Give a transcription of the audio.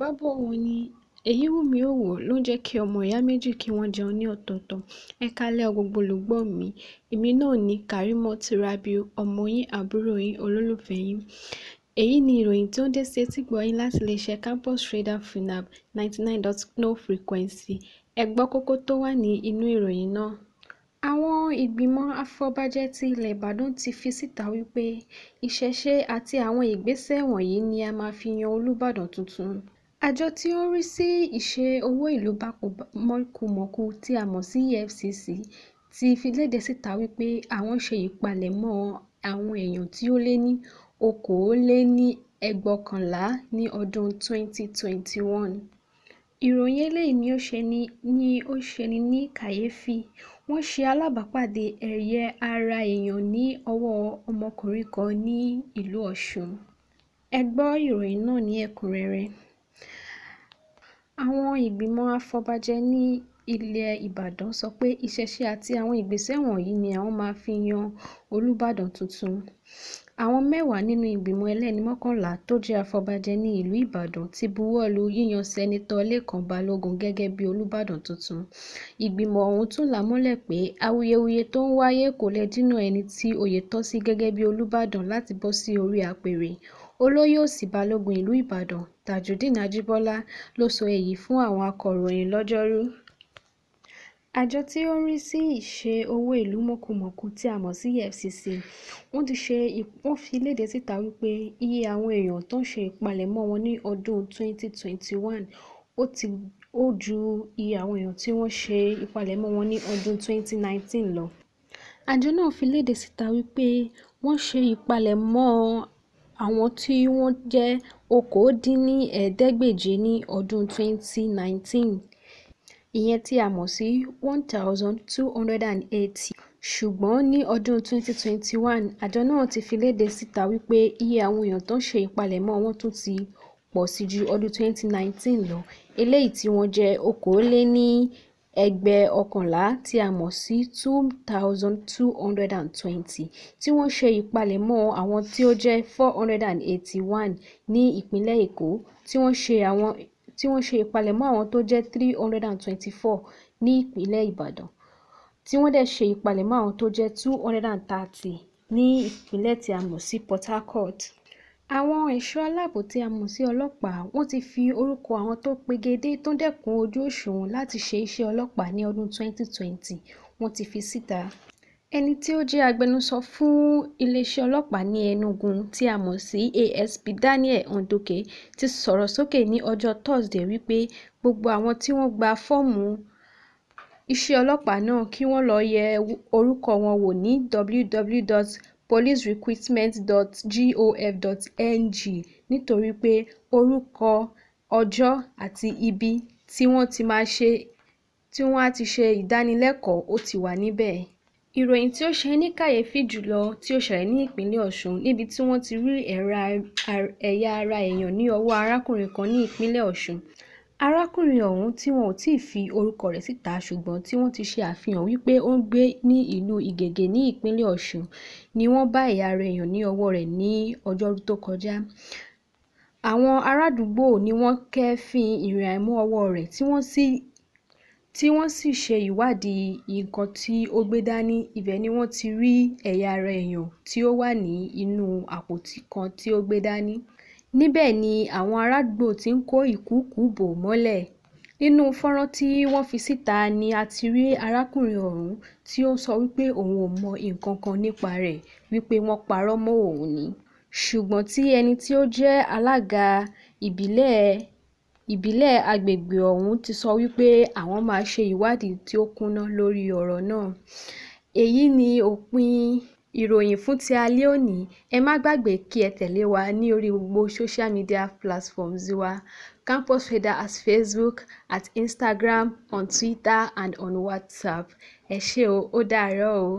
yorùbá bò wọ́n ní èyíwùnmí òwò ló jẹ́ kí ọmọ ìyá méjì kí wọ́n jẹun ní ọ̀tọ̀ọ̀tọ̀ ẹ káalẹ́ o gbogbo olùgbọ́ mi èmi náà ní karimot rabiu ọmọ yín àbúrò yín olólùfẹ́ yín èyí ni ìròyìn tí ó ń dé sí etígbọ̀ọ́ yín láti iléeṣẹ́ campus radar funab ninety nine dot no frequency ẹ gbọ́ kókó tó wà ní inú ìròyìn náà àwọn ìgbìmọ̀ afọbajẹ ti ilẹ̀ ìbàdàn ti fi síta wípé ìṣẹ̀ṣe àti àwọn ìgbésẹ̀ wọ̀nyí ni a máa fi yan olùbàdàn tuntun àjọ tí ó ń rí sí ìṣe owó ìlú báǹkọ̀mọ̀kùmọ̀kù tí a mọ̀ sí efcc ti fìdílédè síta wípé àwọn ń ṣe ìpalẹ̀mọ́ àwọn èèyàn tí ó lé ní okòóléníẹgbẹ̀ọ̀kànlá ní ọdún 2021 ìròyìn eléyìí ni ó ṣeni ní kàyéfì wọ́n ṣe alábàápàdé ẹ̀yẹ ara èèyàn ní ọwọ́ ọmọkùnrin kan ní ìlú ọ̀ṣun ẹ gbọ́ ìròyìn náà ní ẹ̀kúnrẹ́rẹ́ àwọn ìgbìmọ̀ àfọ̀bàjẹ́ ní ilẹ̀ ìbàdàn sọ pé ìṣesẹ̀ àti àwọn ìgbésẹ̀ wọ̀nyí ni àwọn máa fi yan olùbàdàn tuntun àwọn mẹ́wàá nínú ìgbìmọ̀ ẹlẹ́ni mọ́kànlá tó jẹ́ àfọ̀bàjẹ́ ní ìlú ìbàdàn ti buwọ́ lu yíyan sẹ́nitọ́ lẹ́kàn balógun gẹ́gẹ́ bíi olùbàdàn tuntun ìgbìmọ̀ ọ̀hún tún là á mọ́lẹ̀ pé awuyewuye tó ń wáyé kò lè dínà ẹni tí oyè tọ́ sí gẹ́gẹ́ bíi olùbàdàn láti bọ́ sí orí apèrè olóyè òsì balógun ìlú ìbàdàn tajudeen ajíbọ́lá ló sọ èyí fún àwọn akòròyìn lojoruu àjọ tí ó ń rí sí ìṣe owó ìlú mọ̀kumọ̀ku tí a mọ̀ sí efcc wọ́n ti ṣe wọ́n fi léde síta wípé iye àwọn èèyàn tó ń ṣe ìpalẹ̀mọ́ wọn ní ọdún 2021 ó ti ó ju iye àwọn èèyàn tí wọ́n ṣe ìpalẹ̀mọ́ wọn ní ọdún 2019 lọ àjọ náà fi léde síta wípé wọ́n ṣe ìpalẹ̀mọ́ àwọn tí wọ́n jẹ́ okòó dín ní ẹ̀ẹ́dẹ́gbèje ní ọdún 2019 ìyẹn tí a mọ̀ sí one thousand two hundred and eighty ṣùgbọ́n ní ọdún twenty twenty one àjọ náà ti fi léde síta wípé iye àwọn èèyàn tó ń ṣe ìpalẹ̀mọ́ wọn tún ti pọ̀ sí ju ọdún twenty nineteen lọ eléyìí tí wọ́n jẹ́ okòóléníẹgbẹ́ọ̀kànlá tí a mọ̀ sí two thousand two hundred and twenty tí wọ́n ṣe ìpalẹ̀mọ́ àwọn tí ó jẹ́ four hundred and eighty one ní ìpínlẹ̀ èkó tí wọ́n ṣe àwọn tí wọ́n ṣe ìpalẹ̀mọ́ àwọn tó jẹ́ three hundred and twenty-four ní ìpínlẹ̀ ìbàdàn tí wọ́n dẹ̀ ṣe ìpalẹ̀mọ́ àwọn tó jẹ́ two hundred and thirty ní ìpínlẹ̀ tí a mọ̀ sí port harcourt. àwọn ẹ̀ṣọ́ aláàbò tí a mọ̀ sí ọlọ́pàá wọ́n ti fi orúkọ àwọn tó pegedé tó dẹkùn ojú òṣùwọ̀n láti ṣe iṣẹ́ ọlọ́pàá ní ọdún twenty twenty wọ́n ti fi síta ẹni tó jẹ́ agbẹnusọ fún iléeṣẹ́ ọlọ́pàá ní enugu tí a mọ̀ sí asp daniel hondnyin ti sọ̀rọ̀ sókè ní ọjọ́ tosidee wípé gbogbo àwọn tí wọ́n gba fọ́ọ̀mù iṣẹ́ ọlọ́pàá náà kí wọ́n lọ́ọ́ yẹ orúkọ wọn wò ní www.policerecruitment.gov.ng nítorí pé orúkọ ọjọ́ àti ibi tí wọ́n á ti ṣe ìdánilẹ́kọ̀ọ́ ó ti wà níbẹ̀ ìròyìn tí ó ṣe ní kàyééfì jù lọ tí ó ṣẹlẹ̀ ní ìpínlẹ̀ ọ̀sùn níbi tí wọ́n ti rí ẹ̀yà ara èèyàn ní ọwọ́ arákùnrin kan ní ìpínlẹ̀ ọ̀sùn arákùnrin ọ̀hún tí wọn ò tí ì fi orúkọ rẹ̀ síta ṣùgbọ́n tí wọ́n ti ṣe àfihàn wípé ó ń gbé ní ìlú ìgègé ní ìpínlẹ̀ ọ̀sùn ni wọ́n bá ẹ̀yà ara èèyàn ní ọwọ́ rẹ̀ ní ọjọ́rú tó kọjá àwọn àràádúgbò ni wọ́n kẹ́ẹ́fín ìrìnàmò ọwọ́ rẹ̀ tí wọ́n sì tí wọ́n sì ṣe ìwádìí nǹkan tí ó gbé dání ibẹ̀ ni wọ́n ti rí ẹ̀yà ara èèyàn tí ó wà ní inú àpótí kan tí ó gbé dání níbẹ̀ ni àwọn àràádúgbò ti ń kó ìkùukùu bò mọ́lẹ̀ nínú fọ́nrán tí wọ́n fi síta ni a ti rí arákùnrin ọ̀hún tí ó sọ wípé òun ò mọ nǹkan kan nípa rẹ̀ wípé wọ́n parọ́ mọ́ òun ni ṣùgbọ́n tí ẹni tí ó jẹ́ alága ìbílẹ̀ ìbílẹ̀ àgbègbè ọ̀hún ti sọ wípé àwọn máa ṣe ìwádìí tí ó kúnná lórí ọ̀rọ̀ náà èyí ni òpin ìròyìn fún ti alẹ́ òní ẹ má gbàgbé kí ẹ tẹ̀lé wa ní orí gbogbo social media platforms wa campus radar at facebook at instagram on twitter and on whatsapp ẹ ṣé o ó dàárọ̀ o.